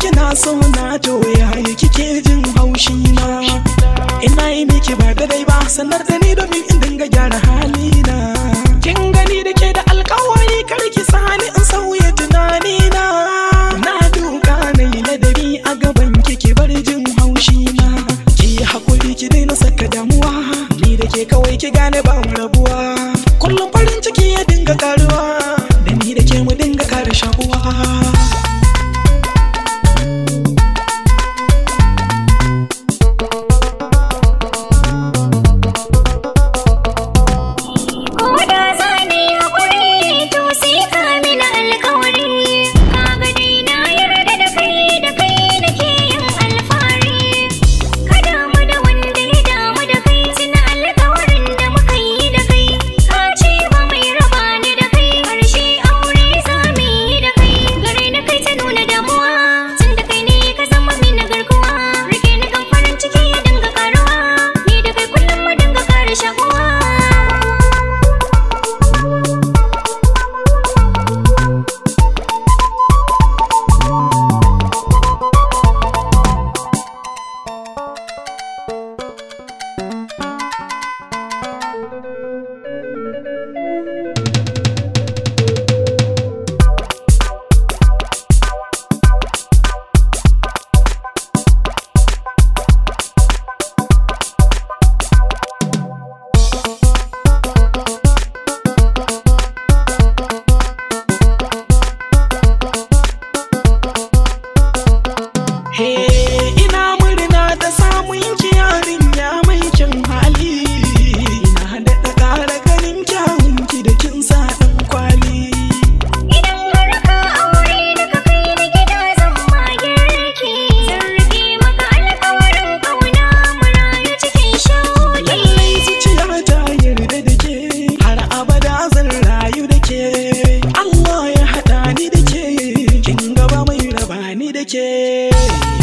kina so na to yayi kike jin haushi na ina yi miki ba da dai ba sanar da ni domin in dinga gyara hali na kin gani da ke da alkawari kar ki sani in sauya tunani na na duka na yi ladabi a gaban kike bar jin haushi na ki hakuri ki daina saka damuwa ni da ke kawai ki gane ba mu rabuwa yeah.